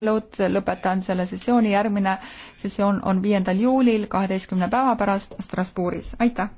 arutelud, lõpetan selle sessiooni, järgmine sessioon on viiendal juulil, kaheteistkümne päeva pärast Strasbourgis, aitäh!